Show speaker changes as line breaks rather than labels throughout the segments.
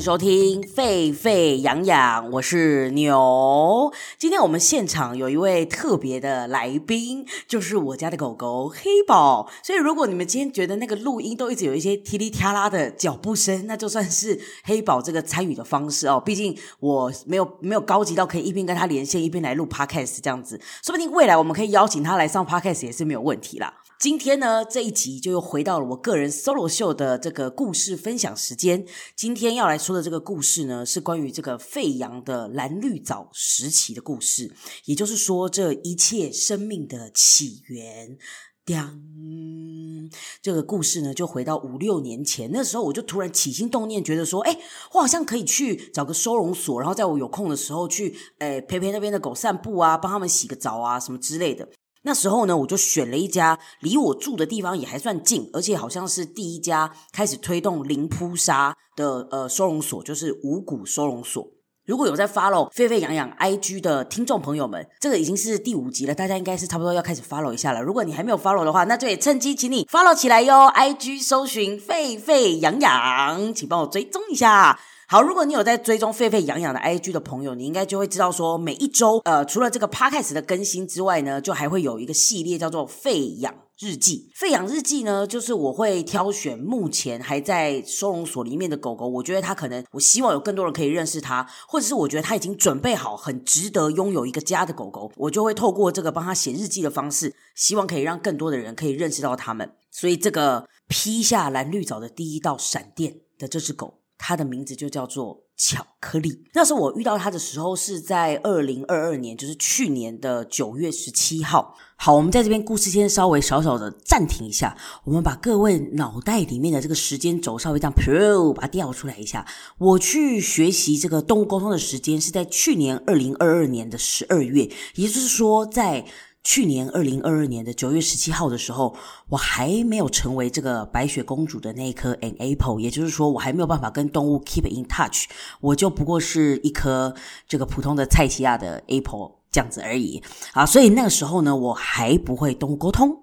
歡迎收聽吠吠揚養，我是牛。今天我們現場有一位特別的來賓，就是我家的狗狗黑寶。所以如果你們今天覺得那個錄音都一直有一些踢里啪啦的腳步聲，那就算是黑寶這個參與的方式哦。畢竟我沒有沒有高級到可以一邊跟他連線一邊來錄 podcast 這樣子，說不定未來我們可以邀請他來上 podcast 也是沒有問題啦。今天呢，這一集就又回到了我個人 solo 秀的這個故事分享時間。今天要來說的這個故事呢，是關於這個吠揚的藍綠藻時期的故事，也就是說，這一切生命的起源。噔。這個故事呢，就回到五六年前，那時候我就突然起心動念，覺得說，哎，我好像可以去找個收容所，然後在我有空的時候去，哎，陪陪那邊的狗散步啊，幫他們洗個澡啊，什麼之類的。那時候呢，我就選了一家離我住的地方也還算近，而且好像是第一家開始推動零撲殺的呃收容所，就是五股收容所。如果有在 follow 吠吠揚養 IG 的聽眾朋友們，這個已經是第五集了，大家應該是差不多要開始 follow 一下了。如果你還沒有 follow 的話，那就也趁機請你 follow 起來喲！IG 搜尋吠吠揚養，請幫我追蹤一下。好，如果你有在追蹤吠吠揚養的 IG 的朋友，你應該就會知道說，每一周，呃，除了這個 Podcast 的更新之外呢，就還會有一個系列叫做“吠養日記”。吠養日記呢，就是我會挑選目前還在收容所裡面的狗狗，我覺得他可能，我希望有更多人可以認識他，或者是我覺得他已經準備好，很值得擁有一個家的狗狗，我就會透過這個幫他寫日記的方式，希望可以讓更多的人可以認識到他們。所以，這個披下藍綠藻的第一道閃電的這隻狗。它的名字就叫做巧克力。那時候我遇到它的時候是在二零二二年，就是去年的九月十七號。好，我們在這邊故事先稍微少少的暫停一下，我們把各位腦袋裡面的這個時間軸稍微這樣 pro 把它調出來一下。我去學習這個動物溝通的時間是在去年二零二二年的十二月，也就是說在。去年二零二二年的九月十七號的時候，我還沒有成為這個白雪公主的那一顆 an apple，也就是說，我還沒有辦法跟動物 keep in touch，我就不過是一顆這個普通的菜西亞的 apple 這樣子而已啊，所以那個時候呢，我還不會動物溝通。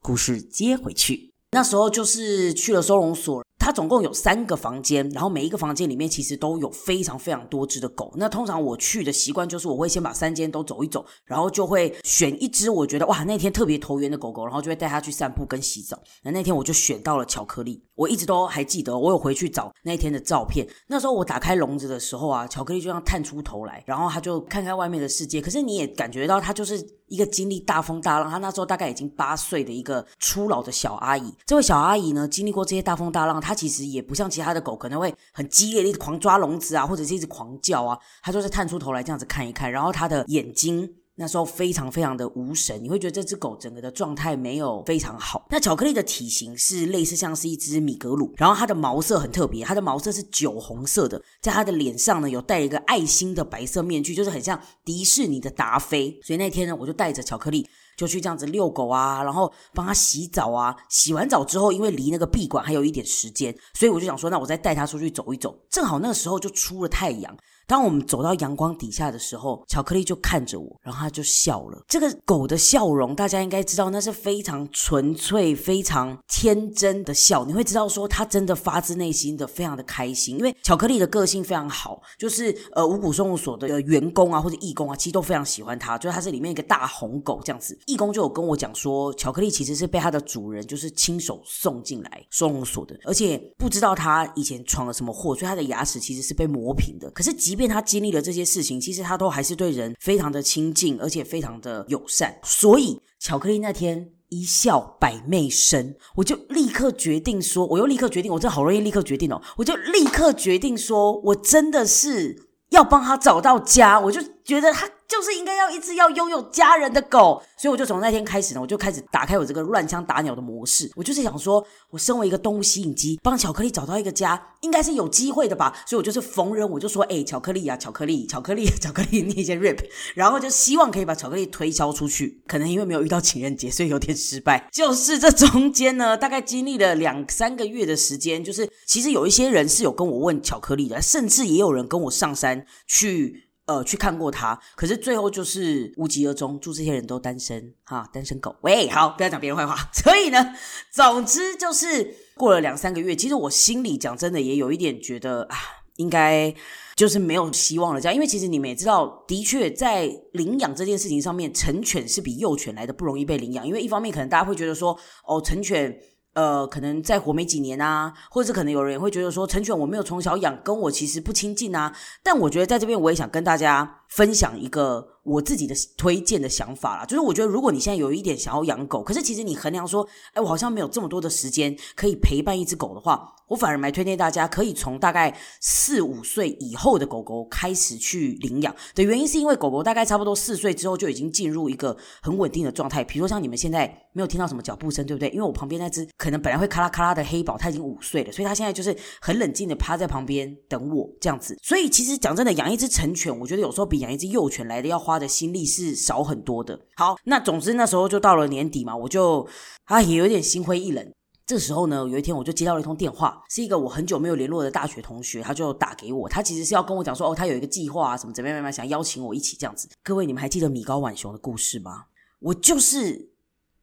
故事接回去，那時候就是去了收容所。它總共有三個房間，然後每一個房間裡面其實都有非常非常多隻的狗。那通常我去的習慣就是我會先把三間都走一走，然後就會選一隻我覺得哇那天特別投緣的狗狗，然後就會帶它去散步跟洗澡。那那天我就選到了巧克力，我一直都還記得，我有回去找那天的照片，那時候我打開籠子的時候啊，巧克力就像探出頭來，然後它就看看外面的世界。可是你也感覺到它就是。一個經歷大風大浪，他那時候大概已經八歲的一個初老的小阿姨。這位小阿姨呢，經歷過這些大風大浪，她其實也不像其他的狗，可能會很激烈的一直狂抓籠子啊，或者是一直狂叫啊。她就是探出頭來這樣子看一看，然後她的眼睛，那時候非常非常的無神，你會覺得這只狗整個的狀態沒有非常好。那巧克力的體型是類似像是一只米格魯，然後它的毛色很特別，它的毛色是酒紅色的，在它的臉上呢有戴一個愛心的白色面具，就是很像迪士尼的達菲。所以那天呢，我就帶着巧克力就去這樣子遛狗啊，然後幫它洗澡啊。洗完澡之後，因為離那個閉館還有一點時間，所以我就想說，那我再帶它出去走一走。正好那個時候就出了太陽。當我們走到陽光底下的時候，巧克力就看着我，然後他就笑了。這個狗的笑容，大家應該知道，那是非常純粹、非常天真的笑。你會知道說，它真的發自內心的，非常的開心。因為巧克力的個性非常好，就是呃，五股收容所的員工啊，或者義工啊，其實都非常喜歡它。就它是裡面一個大紅狗這樣子。義工就有跟我講說，巧克力其實是被它的主人就是親手送進來收容所的，而且不知道它以前闖了什麼禍，所以它的牙齒其實是被磨平的。可是幾。即便他經歷了這些事情，其實他都還是對人非常的親近，而且非常的友善。所以巧克力那天一笑百媚生，我就立刻決定說，我又立刻決定，我真好容易立刻決定哦，我就立刻決定說，我真的是要幫他找到家，我就覺得他。就是應該要一隻要擁有家人的狗，所以我就從那天開始呢，我就開始打開我這個亂槍打鳥的模式。我就是想說，我身為一個動物吸引機，幫巧克力找到一個家，應該是有機會的吧？所以，我就是逢人我就說：“哎、欸，巧克力呀、啊啊，巧克力，巧克力，巧克力，你先 rip。”然後就希望可以把巧克力推銷出去。可能因為沒有遇到情人節，所以有點失敗。就是這中間呢，大概經歷了兩三個月的時間，就是其實有一些人是有跟我問巧克力的，甚至也有人跟我上山去。呃，去看過他，可是最後就是無疾而終。祝這些人都單身，哈，單身狗。喂，好，不要講別人壞話。所以呢，總之就是過了兩三個月，其實我心裡講真的也有一點覺得啊，應該就是沒有希望了這樣，因為其實你們也知道，的確在領養這件事情上面，成犬是比幼犬來得不容易被領養，因為一方面可能大家會覺得說哦，成犬。呃，可能再活沒幾年啊，或者是可能有人會覺得說，成犬我沒有從小養，跟我其實不親近啊。但我覺得在這邊，我也想跟大家。分享一個我自己的推薦的想法啦，就是我覺得如果你現在有一點想要養狗，可是其實你衡量說，哎，我好像沒有這麼多的時間可以陪伴一只狗的話，我反而蠻推薦大家可以從大概四五歲以後的狗狗開始去領養。的原因是因為狗狗大概差不多四歲之後就已經進入一個很穩定的狀態，比如說像你們現在沒有聽到什麼腳步聲，對不對？因為我旁邊那只可能本來會咔啦咔啦的黑寶，它已經五歲了，所以它現在就是很冷靜的趴在旁邊等我這樣子。所以其實講真的，養一只成犬，我覺得有時候比。養一只幼犬，來的要花的心力是少很多的。好，那總之那時候就到了年底嘛，我就啊也有點心灰意冷。這時候呢，有一天我就接到了一通電話，是一個我很久沒有聯絡的大學同學，他就打給我。他其實是要跟我講說，哦，他有一個計劃啊，什麼怎麼樣怎麼樣，想邀請我一起這樣子。各位，你們還記得米高浣熊的故事嗎？我就是。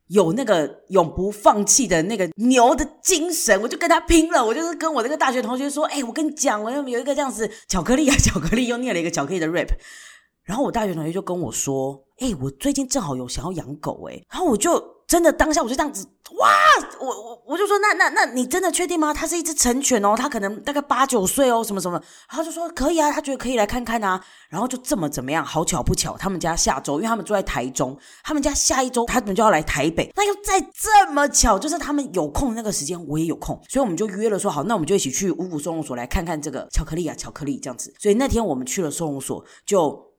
有那個永不放棄的那個牛的精神，我就跟他拼了。我就是跟我那個大學同學說：“欸，我跟你講，我有一個這樣子巧克力啊，巧克力又念了一個巧克力的 rap。”然後我大學同學就跟我說：“欸，我最近正好有想要養狗欸。”然後我就。真的當下我就這樣子，哇！我我我就說，那那那你真的確定嗎？他是一隻成犬哦，他可能大概八九歲哦，什麼什麼。然後就說可以啊，他覺得可以來看看啊。然後就這麼怎麼樣？好巧不巧，他們家下周，因為他們住在台中，他們家下一周他們就要來台北，那又再這麼巧，就是他們有空那個時間，我也有空，所以我們就約了說好，那我們就一起去五股收容所來看看這個巧克力啊，巧克力這樣子。所以那天我們去了收容所，就。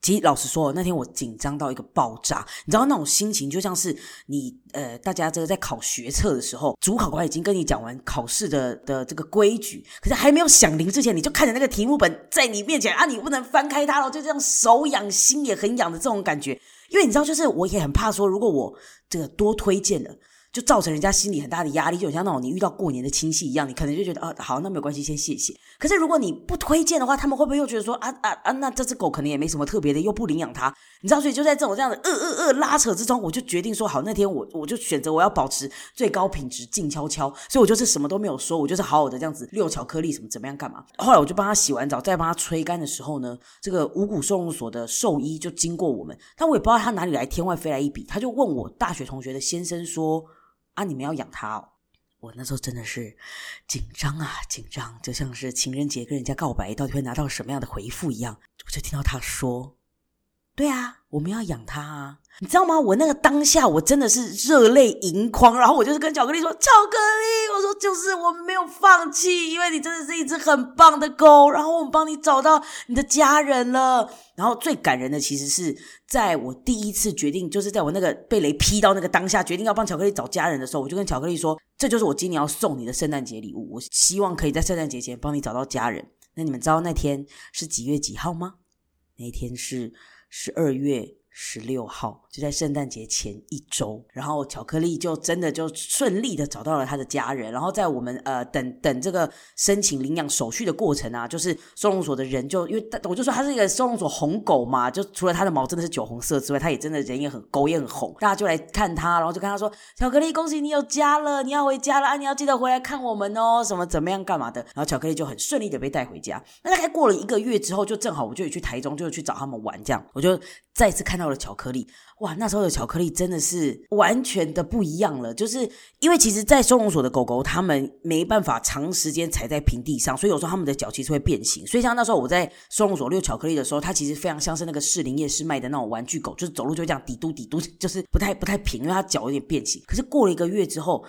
其實老實說，那天我緊張到一個爆炸，你知道那種心情，就像是你呃，大家這個在考學測的時候，主考官已經跟你講完考試的的這個規矩，可是還沒有響鈴之前，你就看着那個題目本在你面前啊，你不能翻開它嘍，就這樣手癢心也很癢的這種感覺，因為你知道，就是我也很怕說，如果我這個多推薦了。就造成人家心裡很大的壓力，就很像那種你遇到過年的親戚一樣，你可能就覺得啊，好，那沒有關係，先謝謝。可是如果你不推薦的話，他們會不會又覺得說啊啊啊，啊，那這隻狗可能也沒什麼特別的，又不領養它，你知道？所以就在這種這樣的呃呃呃拉扯之中，我就決定說好，那天我我就選擇我要保持最高品質，靜悄悄，所以我就是什麼都沒有說，我就是好好的這樣子遛巧克力什麼怎麼樣幹嘛。後來我就幫他洗完澡，再幫他吹乾的時候呢，這個五股收容所的獸醫就經過我們，但我也不知道他哪裡來天外飛來一筆，他就問我大學同學的先生說。啊！你們要養他哦。我那時候真的是緊張啊，緊張，就像是情人節跟人家告白，到底會拿到什麼樣的回復一樣。我就聽到他說：“對啊，我們要養他啊。”你知道嗎？我那個當下，我真的是熱淚盈眶。然後我就是跟巧克力說：“巧克力，我說就是我們沒有放棄，因為你真的是一隻很棒的狗。然後我們幫你找到你的家人了。然後最感人的，其實是在我第一次決定，就是在我那個被雷劈到那個當下，決定要幫巧克力找家人的時候，我就跟巧克力說：這就是我今年要送你的聖誕節禮物。我希望可以在聖誕節前幫你找到家人。那你們知道那天是幾月幾號嗎？那天是十二月。”十六號，就在聖誕節前一周，然後巧克力就真的就順利的找到了他的家人，然後在我們呃等等這個申請領養手續的過程啊，就是收容所的人就因為我就說他是一個收容所紅狗嘛，就除了他的毛真的是酒紅色之外，他也真的人也很狗也很紅，大家就來看他，然後就跟他說：“巧克力，恭喜你有家了，你要回家了啊，你要記得回來看我們哦，什麼怎麼樣幹嘛的。”然後巧克力就很順利的被帶回家。那大概過了一個月之後，就正好我就去台中就去找他們玩，這樣我就再次看到。巧克力，哇！那時候的巧克力真的是完全的不一樣了，就是因為其實，在收容所的狗狗，它們沒辦法長時間踩在平地上，所以有時候它們的腳其實會變形。所以像那時候我在收容所遛巧克力的時候，它其實非常像是那個士林夜市賣的那種玩具狗，就是走路就會這樣，底嘟底嘟，就是不太不太平，因為它腳有點變形。可是過了一個月之後。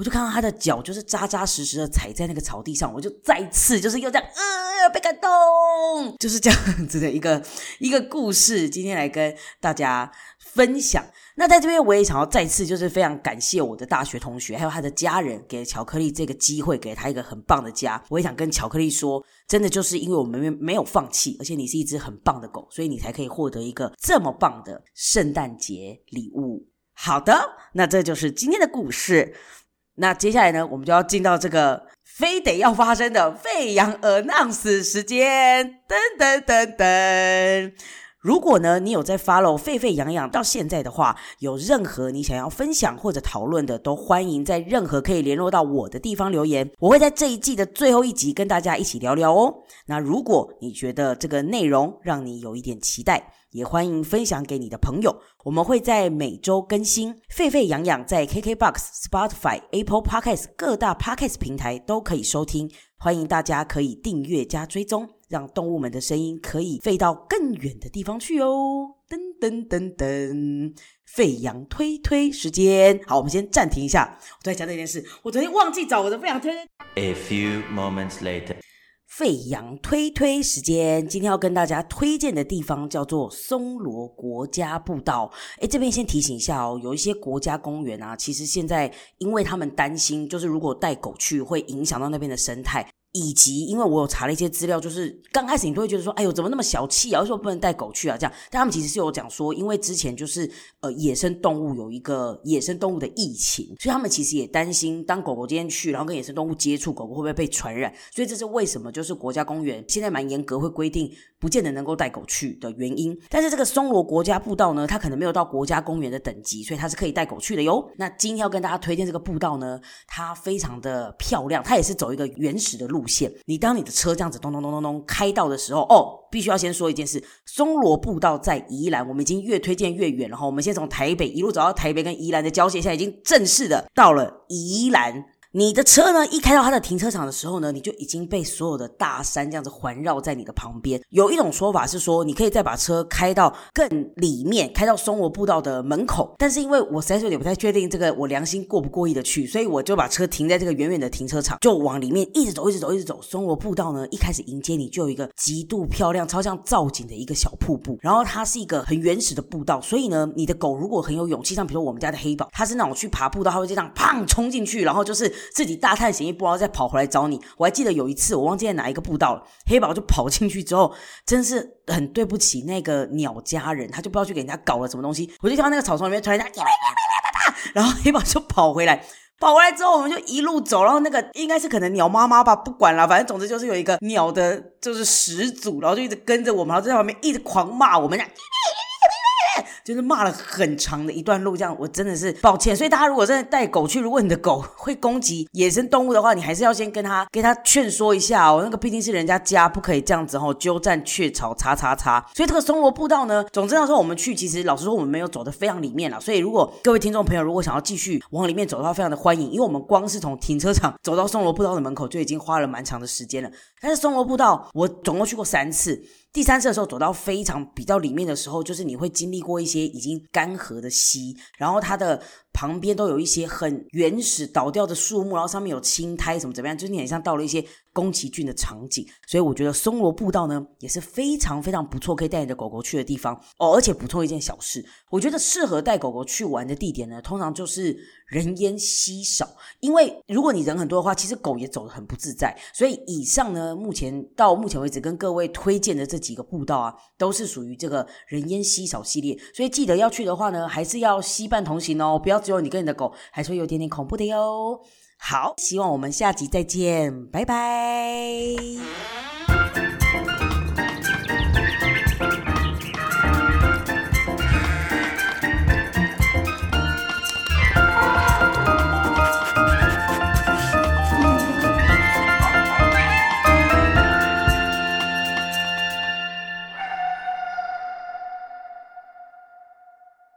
我就看到他的腳就是扎扎實實的踩在那個草地上，我就再次就是又這樣，呃、嗯，被感動，就是這樣子的一個一個故事，今天來跟大家分享。那在這邊我也想要再次就是非常感謝我的大學同學還有他的家人，給巧克力這個機會，給他一個很棒的家。我也想跟巧克力說，真的就是因為我們沒有放棄，而且你是一隻很棒的狗，所以你才可以獲得一個這麼棒的聖誕節禮物。好的，那這就是今天的故事。那接下來呢，我們就要進到這個非得要發生的吠揚而浪死時間，等等等等。如果呢，你有在 follow 吠吠揚養到現在的話，有任何你想要分享或者討論的，都歡迎在任何可以聯絡到我的地方留言，我會在這一季的最後一集跟大家一起聊聊哦。那如果你覺得這個內容讓你有一點期待，也歡迎分享給你的朋友。我們會在每周更新《吠吠揚養》，在 KKBOX、Spotify、Apple Podcast 各大 Podcast 平台都可以收聽。歡迎大家可以訂閱加追蹤，讓動物們的聲音可以飛到更遠的地方去哦！噔噔噔噔，吠揚推推時間，好，我們先暫停一下。我在想這件事，我昨天忘記找我的吠揚推推。A few 吠揚推推時間，今天要跟大家推薦的地方叫做松羅國家步道。哎，這邊先提醒一下哦，有一些國家公園啊，其實現在因為他們擔心，就是如果帶狗去，會影響到那邊的生態。以及，因為我有查了一些資料，就是剛開始你都會覺得說，哎呦，怎麼那麼小氣啊？為什麼不能帶狗去啊？這樣，但他們其實是有講說，因為之前就是呃，野生動物有一個野生動物的疫情，所以他們其實也擔心，當狗狗今天去，然後跟野生動物接觸，狗狗會不會被傳染？所以這是為什麼，就是國家公園現在蠻嚴格會規定，不見得能夠帶狗去的原因。但是這個松羅國家步道呢，它可能沒有到國家公園的等級，所以它是可以帶狗去的喲。那今天要跟大家推薦這個步道呢，它非常的漂亮，它也是走一個原始的路。路線，你當你的車這樣子咚咚咚咚咚開到的時候，哦，必須要先說一件事，松羅步道在宜蘭，我們已經越推薦越遠了，然後我們先從台北一路走到台北跟宜蘭的交界，現在已經正式的到了宜蘭。你的車呢，一開到它的停車場的時候呢，你就已經被所有的大山這樣子環繞在你的旁邊。有一種說法是說，你可以再把車開到更裡面，開到松羅步道的門口。但是因為我實在是有點不太確定這個，我良心過不過意得去，所以我就把車停在這個遠遠的停車場，就往裡面一直走，一直走，一直走，一直走。松羅步道呢，一開始迎接你就有一個極度漂亮、超像造景的一個小瀑布，然後它是一個很原始的步道，所以呢，你的狗如果很有勇氣，像比如說我們家的黑寶，它是那種去爬步道，它會這樣砰衝進去，然後就是。自己大探險一步，然後再跑回來找你。我還記得有一次，我忘記在哪一個步道了。黑寶就跑進去之後，真是很對不起那個鳥家人，他就不知道去給人家搞了什麼東西。我就看到那個草叢裡面突然一下，然後黑寶就跑回來，跑回來之後我們就一路走，然後那個應該是可能鳥媽媽吧，不管了，反正總之就是有一個鳥的，就是始祖，然後就一直跟着我們，然後就在旁邊一直狂罵我們。就是罵了很長的一段路，這樣我真的是抱歉。所以大家如果真的帶狗去，如果你的狗會攻擊野生動物的話，你還是要先跟他跟他勸說一下哦。那個畢竟是人家家，不可以這樣子吼、哦，鳩佔鵲巢，叉叉叉。所以這個松蘿步道呢，總之要說，我們去其實老實說，我們沒有走的非常裡面了。所以如果各位聽眾朋友如果想要繼續往裡面走的話，非常的歡迎，因為我們光是從停車場走到松蘿步道的門口就已經花了蠻長的時間了。但是松蘿步道，我總共去過三次。第三次的時候走到非常比較裡面的時候，就是你會經歷過一些已經乾涸的溪，然後它的旁邊都有一些很原始倒掉的樹木，然後上面有青苔什麼怎麼樣，就是你很像到了一些宮崎駿的場景。所以我覺得松蘿步道呢也是非常非常不錯，可以帶你的狗狗去的地方哦。而且不錯一件小事，我覺得適合帶狗狗去玩的地點呢，通常就是人煙稀少，因為如果你人很多的話，其實狗也走得很不自在。所以以上呢，目前到目前為止跟各位推薦的這。幾個步道啊，都是屬於這個人煙稀少系列，所以記得要去的話呢，還是要攜伴同行哦，不要只有你跟你的狗，還是會有點點恐怖的喲。好，希望我們下集再見，拜拜。